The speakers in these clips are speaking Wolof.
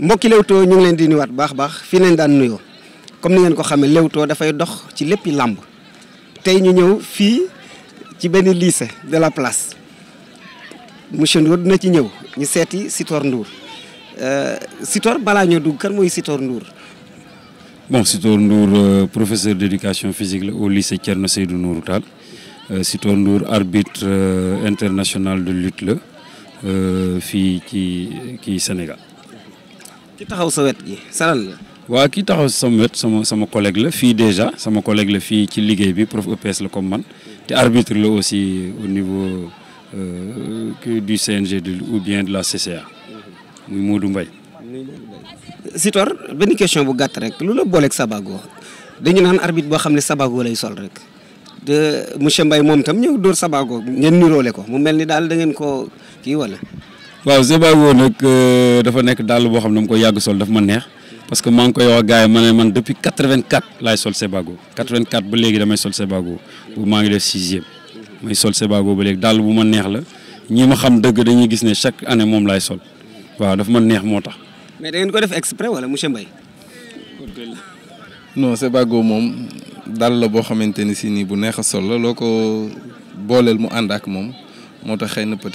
mbokki Leewtoo ñu ngi leen di nuyuwaat baax baax fii nañ daan nuyoo comme ni ngeen ko xamee Leewtoo dafay dox ci léppi làmb tey ñu ñëw fii ci benn lycée de la place monsieur Ndour dina ci ñëw ñu seeti Sitor Ndour euh, Sitor balaa ñoo dugg kan mooy Sitor Ndour. bon Sitor Ndour euh, professeur d'éducation fisique la au lycée Thierno Seydou Nourou Tall euh, Sitor Ndour arbitre international de lutte la fii ci kii Sénégal. ki taxaw sa wet gi saral la. waaw ki taxaw sama wet sama sama collègue la fii déjà sama collègue la fii ci liggéey bi prof EPS la kom man te arbitre la aussi au niveau euh, du CNG ou bien de la CCA. muy Modou mbay Sitor benn question bu gàtt rek lu la booleeg Sabago dañu naan arbitre boo xam ne Sabago lay sol rek de monsieur Mbaye moom tam ñëw dóor Sabago ngeen niroole ko mu mel ni daal da ngeen koo kii wala. waaw Zeba woo nag euh, dafa nekk dàll boo xam ne dama koy yàgg sol dafa ma neex parce que maa ngi koy wax gars yi ma ne man depuis 84 laay sol Sebago 84 ba léegi damay sol Sebago bu maa ngi def sixième may sol Sebago ba léegi dàll bu ma neex la ñi ma xam dëgg dañuy gis ne chaque année moom laay sol waaw dafa ma neex moo tax. mais da ngeen ko def exprès wala monsieur Mbaye. non Sebago moom dàll la boo xamante ni si nii bu neex a sol la loo ko booleel mu ànd ak moom moo tax xëy na peut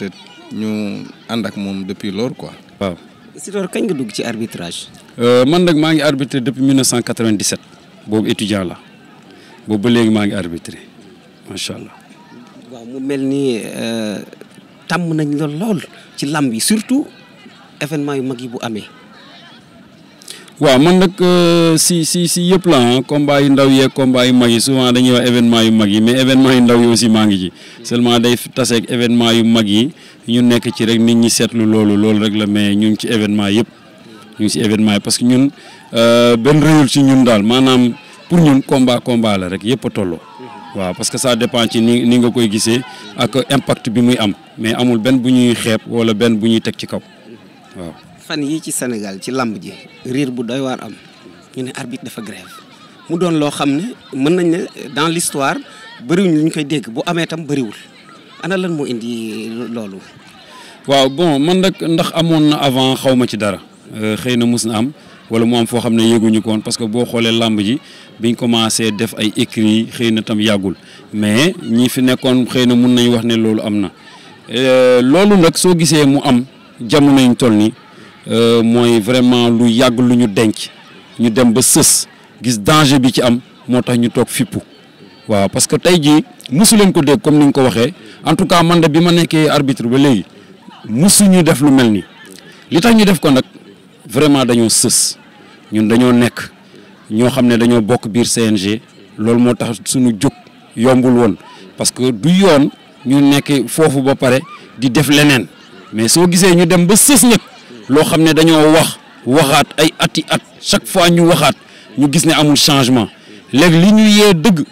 ñu ànd ak moom depuis loolu quoi. waaw. Sitor kañ nga dugg ci arbitrage. Euh, man nag maa ngi arbitré depuis 1997 boobu étudiant la boobu ba léegi maa ngi arbitré macha allah. waaw mu mel ni euh, tàmm nañ la lool ci làmb yi surtout événement yu mag yi bu amee. waaw man nag euh, si si si yëpp la ah combat yu ndaw yee combat yu mag yi souvent dañuy wax événement yu mag yi mais événement yu ndaw yi aussi maa ngi ci seulement day taseeg événement yu mag yi ñu nekk ci rek nit ñi seetlu loolu loolu rek la mais ñu ngi ci événement yëpp ñu ngi ci événement yi parce que ñun euh, benn réyul si ñun daal maanaam pour ñun combat combat la rek yëpp a tolloo waaw parce que ça dépend ci ni ni nga koy gisee ak impact bi muy am mais amul benn bu ñuy xeeb wala benn bu ñuy teg ci kaw waaw fan yii ci Sénégal ci làmb ji riir bu doy waar am ñu ne arbitre dafa grève mu doon loo xam ne mën nañ ne dans l'histoire bëriwuñ lu ñu koy dégg bu amee tam bariwul ana lan moo indi loolu. waaw bon man nag ndax amoon na avant xaw ci dara euh, xëy na mus na am wala mu foo xam ne yëguñu ko woon parce que boo xoolee làmb ji biñ commencé def ay écrits xëy na tam yàggul mais ñi fi nekkoon xëy na mun nañ wax ne loolu am na euh, loolu nag soo gisee mu am jamono ñu toll nii. Euh, mooy vraiment lu yàgg lu ñu denc ñu dem ba sës gis danger bi ci am moo tax ñu toog fippu waaw parce que tey jii musu leen ko dégg comme ni nga ko waxee en tout cas man de bi ma nekkee arbitre ba léegi musu ñu def lu mel nii li tax ñu def ko nag vraiment dañoo sës ñun dañoo nekk ñoo xam ne dañoo bokk biir CNG loolu moo tax suñu jóg yombul woon parce que du yoon ñu nekk foofu ba pare di def leneen mais soo gisee ñu dem ba sës nag loo xam ne dañoo wax waxaat ay ati at chaque fois ñu waxaat ñu gis ne amul changement léegi li ñu yee dëgg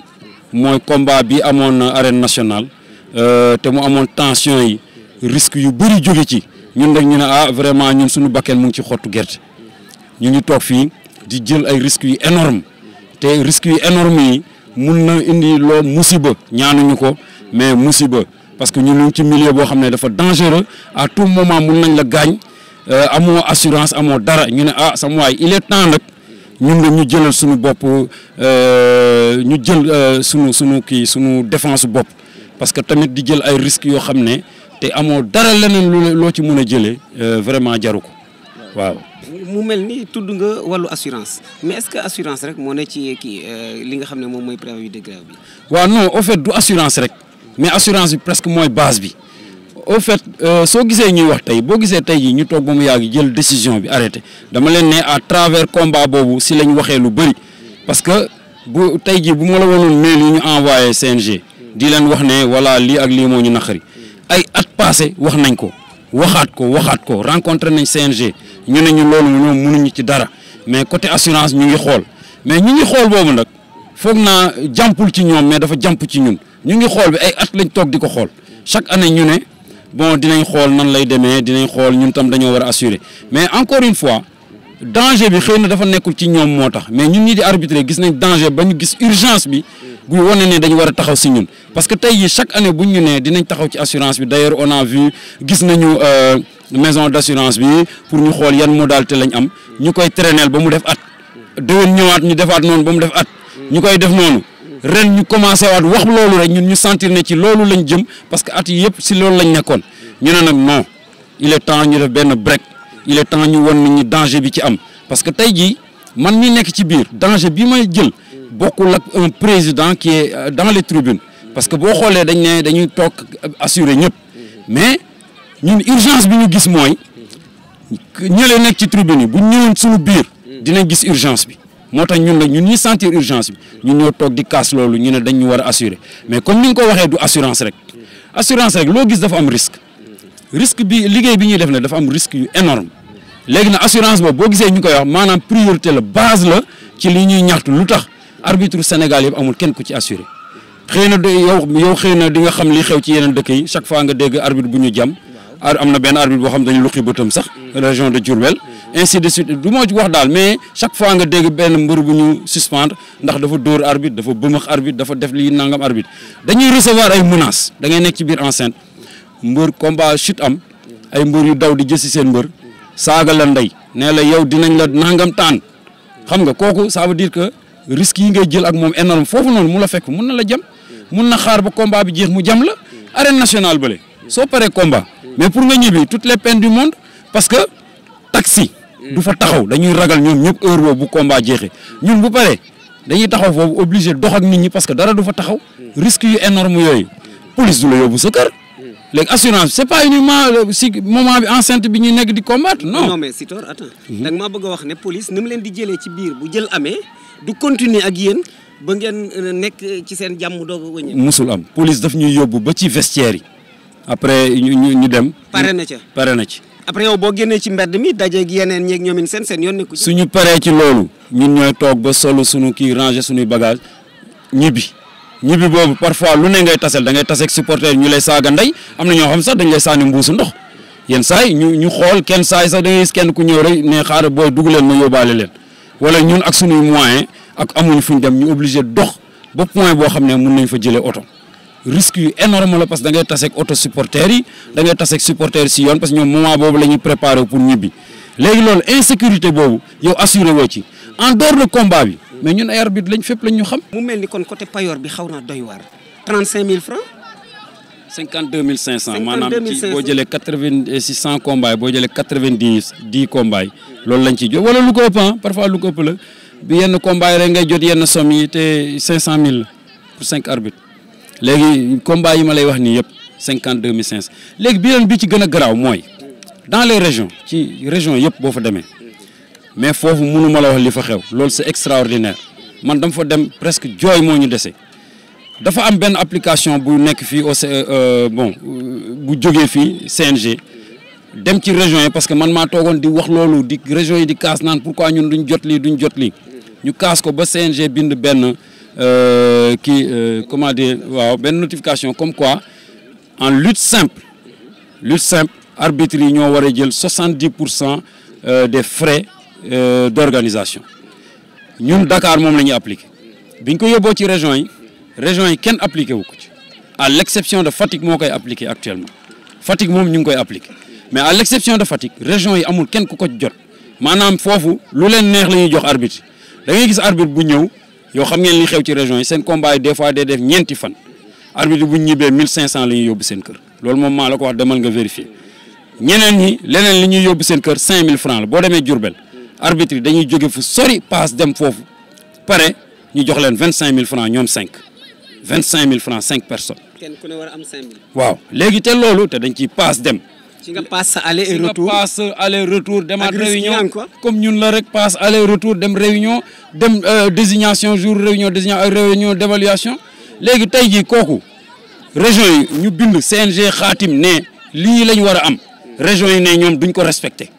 mooy combat bi amoon arène nationale euh, te mu amoon tension yi risque yu bëri jóge ci ñun rek ñu ne ah vraiment ñun suñu bakkeen mu ngi ci xottu gerte ñu ngi toog fii di jël ay risques yu énorme te risques yu énorme yi mun na indi loo musiba ñaanuñu ko mais musiba parce que ñun ñu ci milieu boo xam ne dafa dangereux à tout moment mun nañ la gaañ Euh, amoo assurance amoo dara ñu ne ah sama waay il est temps nag ñun la ñu jëlal suñu bopp euh, ñu jël euh, suñu suñu kii suñu défense bopp parce que tamit di jël ay risques yoo xam ne te amoo dara leneen loo ci mën a jëlee vraiment jaru ko waaw. mu mel ni tudd nga wàllu assurance mais est que assurance rek moo ne ci kii li nga xam ne moom mooy préavis de grève bi. waaw non au fait du assurance rek mais assurance bi presque mooy base bi. au fait euh, soo gisee ñuy wax tey boo gisee tey jii ñu toog ba mu yàgg jël décision bi arrêté dama leen ne à travers combat boobu si lañ waxee lu bëri parce que bu tey jii bu ma la wanoon mail yi ñu envoyé CNG di leen wax ne voilà lii ak lii moo ñu naqari ay at passé wax nañ ko waxaat ko waxaat ko rencontré nañ CNG ñu ne ñu loolu ñoom mënuñu ci dara mais côté assurance ñu ngi xool mais ñu ngi xool boobu nag foog naa jàmpul ci ñoom mais dafa jàmp ci ñun ñu ngi xool ay at lañ toog di ko xool chaque année ñu ne. bon dinañ xool nan lay demee dinañ xool ñun tam dañoo war a mais encore une fois danger bi xëy na dafa nekkul ci ñoom moo tax mais ñun ñi di gis nañ danger ba ñu gis urgence bi gu wane ne dañu war a taxaw si ñun parce que tey yi chaque année bu ñu nee dinañ taxaw ci assurance bi d'ailleurs on a vu gis nañu euh, maison d'assurance bi pour ñu xool yan modalité lañ am ñu koy traîner ba mu def at déwén ñëwaat ñu defaat noonu ba mu def at ñu koy def noonu ren ñu commencé waat wax loolu rek ñun ñu sentir ne ci loolu lañu jëm parce que at yi yëpp si loolu lañ nekkoon ñu ne nag non il est temps ñu def benn break il est temps ñu won nit ñi danger bi ci am parce que tey jii man mi nekk ci biir danger bi may jël bokkul ak un président qui est euh, dans les parce que boo xoolee dañu dañuy toog assurer ñëpp mais ñu urgence bi ñu gis mooy ñële nekk ci tribune yi bu ñëwoon suñu biir dinañ gis urgence bi moo tax ñun nag ñun ñuy sentir urgence bi ñun ñoo toog di kaas loolu ñu ne dañ ñu war a mais comme ni nga ko waxee du assurance rek assurance rek loo gis dafa am risque risque bi liggéey bi ñuy def ne dafa am risque yu énorme léegi nag assurance boobu boo gisee ñu koy wax maanaam priorité la base la ci li ñuy ñaxtu lu tax arbitre Sénégal yëpp amul kenn ko ci assuré xëy na de yow yow xëy na di nga xam li xew ci yeneen dëkk yi chaque fois nga dégg arbitre bu ñu jam ar am na benn arbitre boo xam dañu luqi bëtam sax région de Diourbel mm-hmm. ainsi de suite du ma wax daal mais chaque fois nga dégg benn mbër bu ñu suspendre ndax dafa dóor arbitre dafa bëmax arbitre dafa def lii nangam arbitre dañuy recevoir ay menaces dangay nekk ci biir enceinte mbër combat chute am mm-hmm. ay mbër yu daw di jësi seen mbër saaga la ndey nee la yow dinañ la nangam taan xam nga kooku ça veut dire que risques yi ngay jël ak moom énorme foofu noonu mu la fekk mun na la jam mm-hmm. mun na xaar ba combat bi jeex mu jam la arène nationale bële soo paree combat mais pour nga ñibbi toutes les peines du monde parce que taxi. du fa taxaw dañuy ragal ñoom ñëpp heure bu combat jeexe ñun bu paree dañuy taxaw foofu obligé dox ak nit ñi parce que dara du fa taxaw risque yu énorme yooyu police du la yóbbu sa kër. léegi assurance c'est pas uniquement si moment bi enceinte bi ñuy nekk di combattre no non mais Sitor attends. da maa bëgg a wax ne police ni mu leen di jëlee ci biir bu jël amee du continuer ak yéen ba ngeen euh, nekk ci seen jàmm doog a wëññeeku. musul am police daf ñuy yóbbu ba ci vestiaire yi. après ñu ñu dem. pare na ca pare na ci. après yow boo génnee ci mbedd mi dajeeg yeneen ñeeg ñoom seen seen yoon nekku suñu paree ci loolu ñun ñooy toog ba solo suñu kii ranger suñuy bagage ñibbi ñibbi boobu parfois lu ne ngay tasel da ngay taseeg supporter ñu lay saaga ndey am na ñoo xam sax dañ lay saani mbuusu ndox yenn saa ñu ñu xool kenn saa yi sax da ngay kenn ku ñëw rek ne xaaral booy dugg leen ma yóbbaale leen wala ñun ak suñuy moyen ak amuñ fu ñu dem ñu obligé dox ba point boo xam ne mun nañ fa jëlee oto. risque yu énorme la parce que da ngay taseeg auto supporters yi da ngay taseeg supporters si yoon parce que ñoom moment boobu la ñuy préparé pour ñibbi léegi loolu insécurité boobu yow assuré woo ci en dehors de ñun ay arbitre lañ lañ ñu xam. mu mel ni kon côté payoor bi xaw naa doy waar. 35 000 francs. 52 500 maanaam ci boo jëlee 80 600 combats boo jëlee 90 10 combats loolu lañ ciy jot wala lu ko ëpp ah, parfois lu ko ëpp la bi yenn combats rek ngay jot yenn somme yi te 500000 la pour 5 léegi combat yi ma lay wax nii yëpp cinquante deux mille cinq cent léegi bi bi ci gën a garaaw mooy dans les région ci région yëpp boo fa demee mais foofu mënu ma la wax li fa xew loolu c'est extraordinaire man dama fa dem presque jooy moo ñu dese dafa am benn application bu nekk fii au euh, euh, bon euh, bu jógee fii CNG dem ci région yi parce que man maa toogoon di wax loolu di région yi di kaas naan pourquoi ñun ñu jot lii ñu jot lii ñu kaas ko ba CNG bind benn kii euh, euh, comment dire waaw benn notification comme quoi en lutte simple lutte simple arbitres yi ñoo war a jël soixante dix pour cent euh, des frais d' organisation ñun Dakar moom la ñuy appliqué biñ ko yóbboo ci région yi région yi kenn appliqué wu ko ci à l' de Fatick moo koy appliqué actuellement Fatick moom ñu ngi koy appliqué mais à l' exception de Fatick région yi amul kenn ku ko jot maanaam foofu lu leen neex la ñuy jox arbitre da ngay gis arbitre bu ñëw. yoo xam ngeen li xew ci région i seen combat yi des fois day def ñeenti fan arbitre bu ñu ñibbee 1500 la yóbbu seen kër loolu moom maa la ko wax demal nga vérifier ñeneen ñi leneen li ñuy yóbbu seen kër mille francs la boo demee Diourbel arbitre yi dañuy jóge fu sori paas dem foofu pare ñu jox leen 25000 francs ñoom 5 25000 francs 5 personnes. kenn ku ne war a am 5000. waaw léegi te loolu te dañ ciy paas dem. ci nga passe aller et retour nga passe aller retour demaat réunion comme ñun la rek passe aller retour dem réunion dem euh, désignation jour réunion désignation euh, réunion d'évaluation léegi tey jii kooku région yi ñu bind CNG xaatim ne lii lañ war a am région yi ne ñoom ñu ko respecté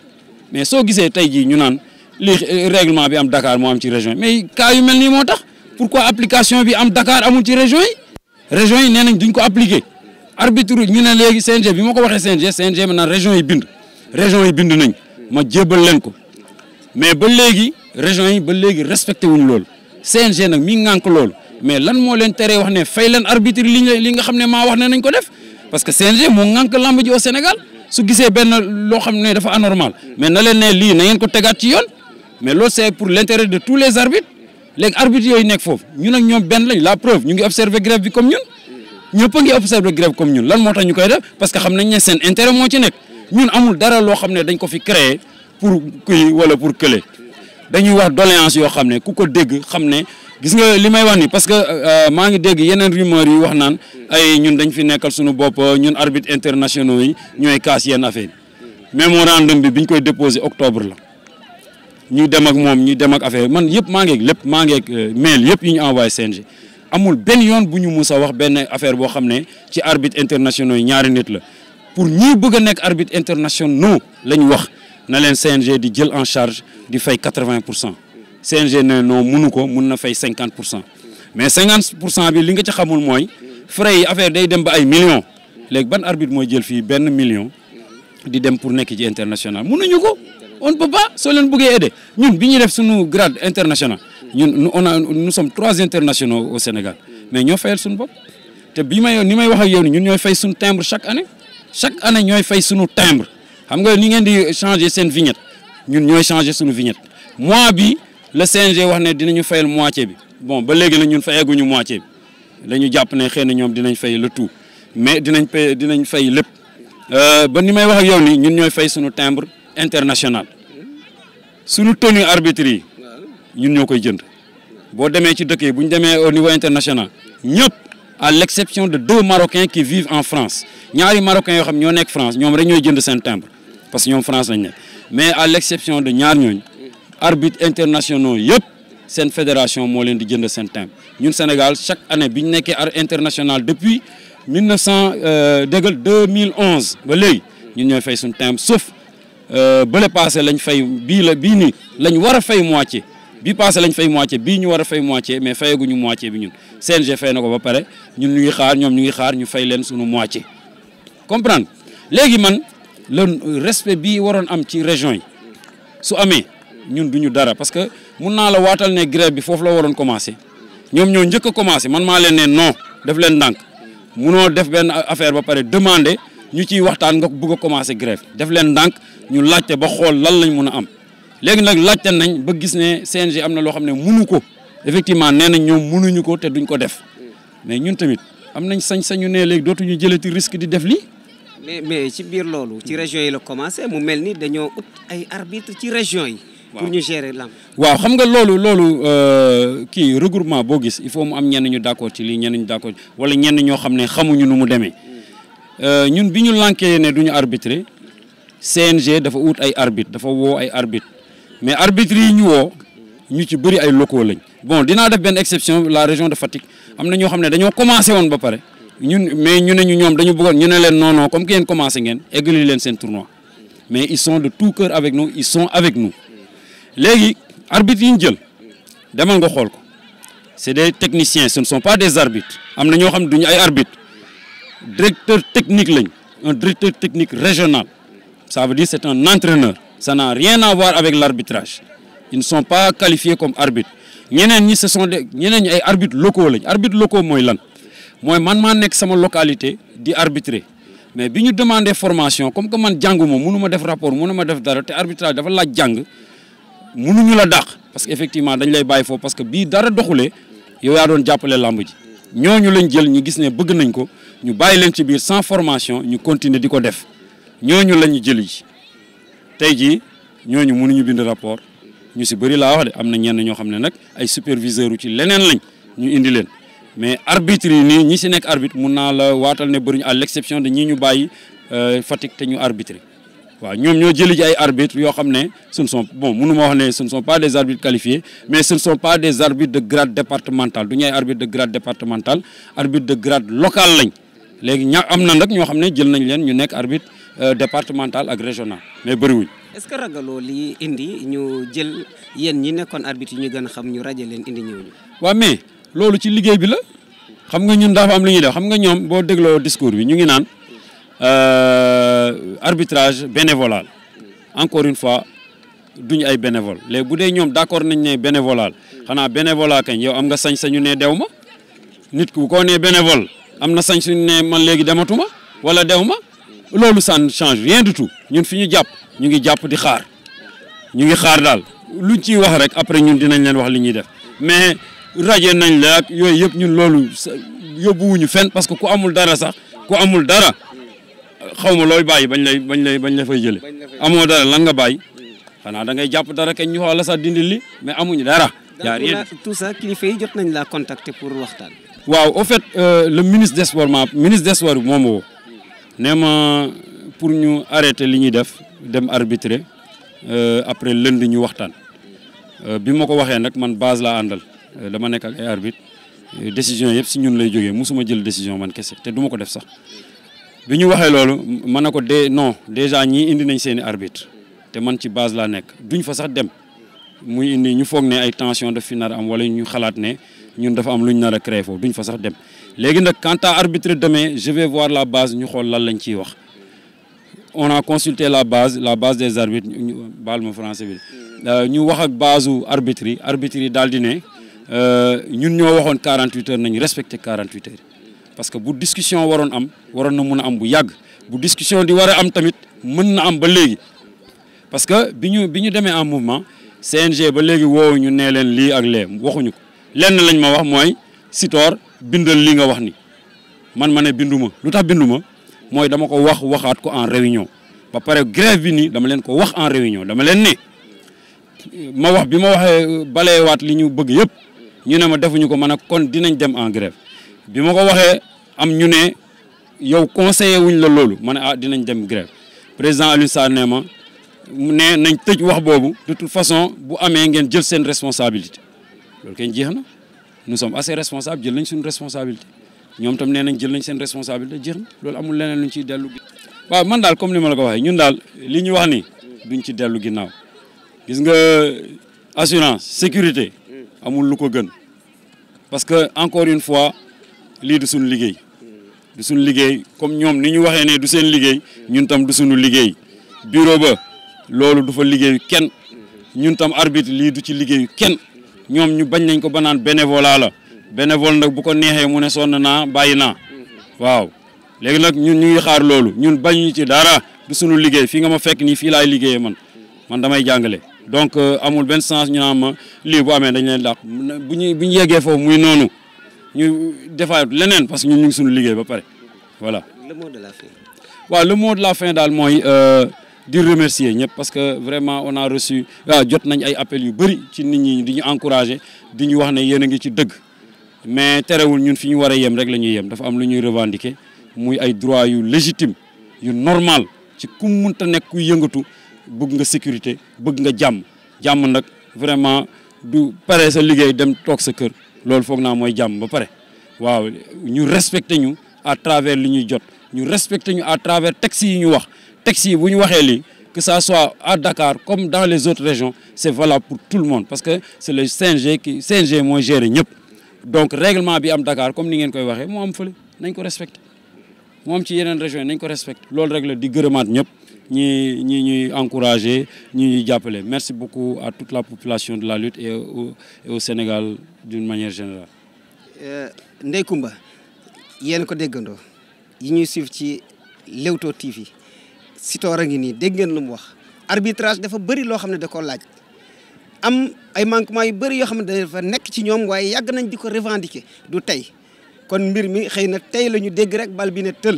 mais soo gisee tey jii ñu naan lii euh, règlement bi am Dakar moo am ci région yi mais cas yu mel nii moo tax pourquoi application bi am Dakar amul ci région yi région yi nee nañ duñ ko appliqué arbitre ñu ne léegi CNG bi ma ko waxee CNG CNG maintenant région yi bind région yi bind nañ ma jébal leen ko mais ba léegi région yi ba léegi respecté wuñ loolu CNG nag mi ngànk loolu mais lan moo leen tere wax ne fay leen arbitre li li nga xam ne maa wax ne nañ ko def parce que CNG moo ngànk lamb ji au Sénégal su gisee benn loo xam ne dafa anormal mais na leen ne lii na ngeen ko tegaat ci yoon mais loolu c'est pour l'intérêt de tous les arbitres léegi arbitres yooyu nekk foofu ñun ak ñoom benn lañ la comme ñëpp a ngi observé grève comme ñun lan moo tax ñu koy def parce que xam nañ ne seen intérêt moo ci nekk ñun amul dara loo xam ne dañ ko fi créer pour kuy wala pour kële dañuy wax doléance yoo xam ne ku ko dégg xam ne gis nga li may wax ni parce que euh, maa ngi dégg yeneen rumeur yi wax naan ay ñun dañ fi nekkal suñu bopp ñun arbitre internationaux yi ñooy kaas yenn affaire mémorandum bi biñ koy déposé octobre la ñu dem ak moom ñu dem ak affaire man yëpp maa ngeeg lépp maa ngeeg euh, mail yëpp yu ñu envoyé CNG amul benn yoon bu ñu mus wax benn affaire boo xam ne ci arbitre internationaux yi ñaari nit la pour ñi bëgg a nekk arbitre internationaux la ñu wax na leen CNG di jël en charge di fay quatre-vingt pour cent CNG ne non munu ko mun na fay cinquante pour cent mais cinquante pour cent bi li nga ci xamul mooy frais yi affaire day dem ba ay millions léegi ban arbitre mooy jël fii benn million di dem pour nekk ci international munuñu ko on peut pas soo leen bëggee aider ñun bi ñuy def suñu grade international ñun on a nous sommes trois internationaux au Sénégal mais ñoo fayal suñu bopp te bi may ni may wax ak yow ni ñun ñooy fay suñu timbre chaque année chaque année ñooy fay sunu timbre xam nga ni ngeen di changer seen vignette ñun ñooy changer suñu vignette mois bi le CNG wax ne dinañu fayal moitié bi bon ba léegi nag ñun fayaguñu moitié bi dañu jàpp ne xëy na ñoom dinañ fay le tout mais dinañ pay dinañ fay lépp euh, ba ni may wax ak yow ni ñun ñooy fay suñu timbre international suñu tenue arbitre yi ñun ñoo koy jënd boo demee ci dëkk bu ñu demee au niveau international ñëpp à l'exception de deux Marocains qui vivent en France ñaari Marocains yoo xam ñoo nekk France ñoom rek ñooy jënd seen timbre parce que ñoom France lañ nekk mais à l'exception de ñaar ñooñ arbitres internationaux yëpp seen fédération moo leen di jënd seen timbre ñun Sénégal chaque année bi ñu nekkee ar international depuis 1900 déggal 2011 ba léegi ñun ñooy fay suñu timbre sauf euh, bële passé lañ fay bii la nii lañ war a fay moitié bi passé lañ fay moitié bii ñu war a fay moitié mais fayaguñu moitié bi ñun CNG fay na ko ba pare ñun ñu ngi xaar ñoom ñu ngi xaar ñu fay leen suñu moitié comprendre léegi man le respect bi waroon am ci région yi su amee ñun du ñu dara parce que mun naa la waatal ne grève bi foofu la waroon commencé ñoom ñoo njëkk commencé man maa leen ne no def leen ndànk munoo def benn affaire ba pare demander ñu ci waxtaan nga bugg a commencé grève def leen ndànk ñu laajte ba xool lan lañ mun a am léegi nag laajte nañ ba gis ne CNG am na loo xam ne munu ko effectivement nee nañ ñoom munuñu ko te duñ ko def mais ñun tamit am nañ sañ-sañu ne léegi dootuñu ti risque di def li mais mais ci biir loolu. ci région yi la commencé mu mel ni dañoo ut ay arbitre ci région yi. pour ñu gérer lamb. waaw xam nga loolu loolu euh, kii regroupement boo gis il faut mu am ñenn ñu d'accord ci lii ñenn ñu d'accord wala ñenn ñoo xam ne xamuñu nu mu demee euh, ñun bi ñu lànkee ne duñu arbitrer CNG dafa ut ay arbitre dafa woo ay arbitre mais arbitre yi ñu woo ñu ci bëri ay locaux lañ bon dinaa def benn exception la région de Fatick am na ñoo xam ne dañoo commencé woon ba pare mais ñu ne ñu ñoom dañu bëggoon ñu ne leen non non comme que yéen commencé ngeen eggali seen tournoi mais ils sont de tout cœur avec nous ils sont avec nous léegi arbitres yi ñu jël demal nga xool ko c' est des techniciens ce ne sont pas des arbitres am na ñoo xam ne duñu ay arbitres directeur technique lañ un directeur technique régional ça est un entraîneur Ça n'a rien à voir avec l'arbitrage. Ils ne sont pas qualifiés comme arbitres. ñeneen ñi ce de ñeneen ñi ay arbitres locaux lañ arbitres locaux mooy lan mooy man maa nekk sama localité di arbitrer mais bi ñu demandé formation comme que man jànguma mënu ma def rapport mënu ma def dara te arbitrage dafa laaj jàng mënuñu la dàq parce que effectivement dañ lay bàyyi foofu parce que bii dara doxulee yow yaa doon jàppale làmb ji ñooñu lañ jël ñu gis ne bëgg nañ ko ñu bàyyi leen ci biir sans formation ñu continuer di ko def ñooñu lañu jël ji tey jii ñooñu mënuñu bind rapport ñu si bëri laa wax de am na ñenn ñoo xam ne nag ay superviseur yu ci leneen lañ ñu indi leen mais arbitre yi nii ñi si nekk arbitre mun naa la waatal ne bëriñu à l'exception de ñi ñu bàyyi euh, Fatick te ñu arbitre waaw ñoom ñoo jëli ji ay arbitres yoo xam ne su ne sont bon mënu wax ne ce ne sont pas des arbitres qualifiés mais ce ne sont pas des arbitres de grade départemental du ñu ay arbitres de grade départemental arbitre de grade local lañ léegi ña am na nag ñoo xam ne jël nañ leen ñu nekk arbitre Euh, départemental ak régional mais bëriwuñ. est-ce que ragaloo lii indi ñu jël yéen ñi nekkoon arbitre yi ñu gën a xam ñu rajo leen indi ñëw ñu. waaw mais loolu ci liggéey bi la xam nga ñun dafa am lu ñuy def xam nga ñoom boo dégloo discours bi ñu ngi naan euh, arbitrage bénévolal encore une fois. duñu ay bénévole léegi bu dee ñoom d'accord nañ ne bénévolal xanaa bénévolat kañ yow am nga sañ sañu ne dew ma nit ku koo ne bénévole am na sañ suñu ne man léegi dematuma wala dew ma loolu ça change rien du tout ñun fi ñu jàpp ñu ngi jàpp di xaar ñu ngi xaar daal luñ ciy wax rek après ñun dinañ leen wax li ñuy def mais rajo nañ la yooyu yëpp ñun loolu yóbbuwuñu fenn parce que ku amul dara sax ku amul dara xaw ma looy bàyyi bañ lay bañ lay bañ la fay jëlee amoo dara lan nga bàyyi xanaa dangay jàpp dara kañ ñu xoola sax dindi li mais amuñu dara. yaa rien tout ça kilifa jot nañ laa contacter pour waxtaan. waaw au fait euh, le ministre des sports ma ministre des sports bi moom woo nee pour ñu arrêter li ñuy def dem arbitrer euh, après lundi ñu waxtaan euh, bi ma ko waxee nag man base laa àndal euh, dama nekk ak ay arbitre décision yëpp si ñun lay jógee musuma jël décision man kese te duma ko def sax bi ñu waxee loolu mën na ko dee non déjà ñii indi nañ seeni arbitre te man ci base laa nekk duñ fa sax dem muy indi ñu foog ne ay tension daf fi am wala ñu xalaat ne ñun dafa am lu ñu nar a créé foofu duñ fa sax dem léegi nag quant à arbitrer demain je vais voir la base ñu xool lan lañ ciy wax on a consulté la base la base des arbitres ñu baal ma français bi euh, ñu wax ak base u arbitres yi arbitres yi daal di ne euh, ñun ñoo waxoon 48 heures nañu respecté 48 heures parce que bu discussion waroon am waroon na mun a am bu yàgg bu discussion di war a am tamit mën na am ba léegi parce que bi ñu bi ñu demee en mouvement CNG ba léegi woowu ñu nee leen lii ak lee waxuñu ko lenn lañ ma wax mooy Sitor bindal li nga wax ni man ma ne bindu ma lu tax bindu ma mooy dama ko wax waxaat ko en réunion ba pare grève bi nii dama leen ko wax en réunion dama leen ne ma wax bi ma waxee baleewaat li ñu bëgg yëpp ñu ne ma defuñu ko man a kon dinañ dem en grève bi ma ko waxee am ñu ne yow conseiller wuñ la loolu ma ne ah dinañ dem grève président Alioune Sarr ne ma ne nañ tëj wax boobu de toute façon bu amee ngeen jël seen responsabilité loolu kenn jeex nous sommes assez responsables jël nañ suñu responsabilité ñoom tam nee nañ jël nañ seen responsabilité jeex na loolu amul leneen lu ñu ciy dellu. waaw man daal comme ni ma la ko waxee ñun daal li ñu wax ni duñ ci dellu ginnaaw gis nga assurance sécurité amul lu ko gën parce que encore une fois lii du suñu liggéey du suñu liggéey comme ñoom ni ñu waxee ne du seen liggéey ñun tam du suñu liggéey bureau ba loolu du fa liggéeyu kenn ñun tam arbitre lii du ci liggéeyu kenn. ñoom ñu bañ nañ ko ba naan bénévolat la bénévole nag bu ko neexee mu ne sonn naa bàyyi naa waaw léegi nag ñun ñu ngi xaar loolu ñun bañuñu ci dara du sunu liggéey fii nga ma fekk nii fii laay liggéeyee man man damay jàngale donc euh, amul benn sens ñu naan ma lii bu amee dañ leen dàq bu ñu bu ñu yeggee foofu muy noonu ñu defaat leneen parce que ñu ngi sunu liggéey ba pare voilà. le mot de la fin. le mot de la fin daal mooy. Euh, di remercier ñëpp parce que vraiment on a reçu jot nañ ay appels yu bëri ci nit ñi di ñu encourager di ñu wax ne yéen a ngi ci dëgg mais terewul ñun fi ñu war a yem rek la ñuy yem dafa am lu ñuy revendiquer muy ay droit yu légitime yu normal ci ku munta nekk kuy yëngatu bëgg nga sécurité bëgg nga jàmm jàmm nag vraiment du pare sa liggéey dem toog sa kër loolu foog naa mooy jàmm ba pare waaw ñu respecté ñu à travers li ñuy jot ñu respecté ñu à travers texte yi ñu wax texte yi bu ñu waxee lii que ça soit à Dakar comme dans les autres régions c' est valable pour tout le monde parce que c' le CNG qui CNG mooy gérer ñëpp donc règlement bi am Dakar comme ni ngeen koy waxee moom am fële nañ ko respecté moo ci yeneen région yi nañ ko respecte loolu rek la di gërëmaat ñëpp ñi ñi ñuy encouragé ñi ñuy jàppale merci beaucoup à toute la population de la lutte et au, Sénégal d'une manière générale euh, Ndeye Comba yéen ko déggandoo yi ñu suivre ci Leewtoo TV Sitor a ngi nii dégg ngeen lu mu wax arbitrage dafa bëri loo xam ne da koo laaj am ay manquement yu bëri yoo xam ne dafa nekk ci ñoom waaye yàgg nañ di ko revendiquer du tey kon mbir mi xëy na tey la ñu dégg rek bal bi ne tël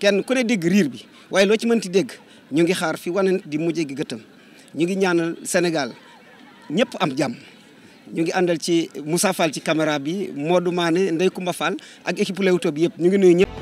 kenn ku ne dégg riir bi waaye loo ci mënti dégg ñu ngi xaar fi wane di mujjee gi gëtam ñu ngi ñaan Sénégal ñëpp am jàmm ñu ngi àndal ci Moussa Fall ci caméra bi Modou Mané Ndeye Koumba Fall ak équipe Leewtoo bi yëpp ñu ngi nuyu ñëpp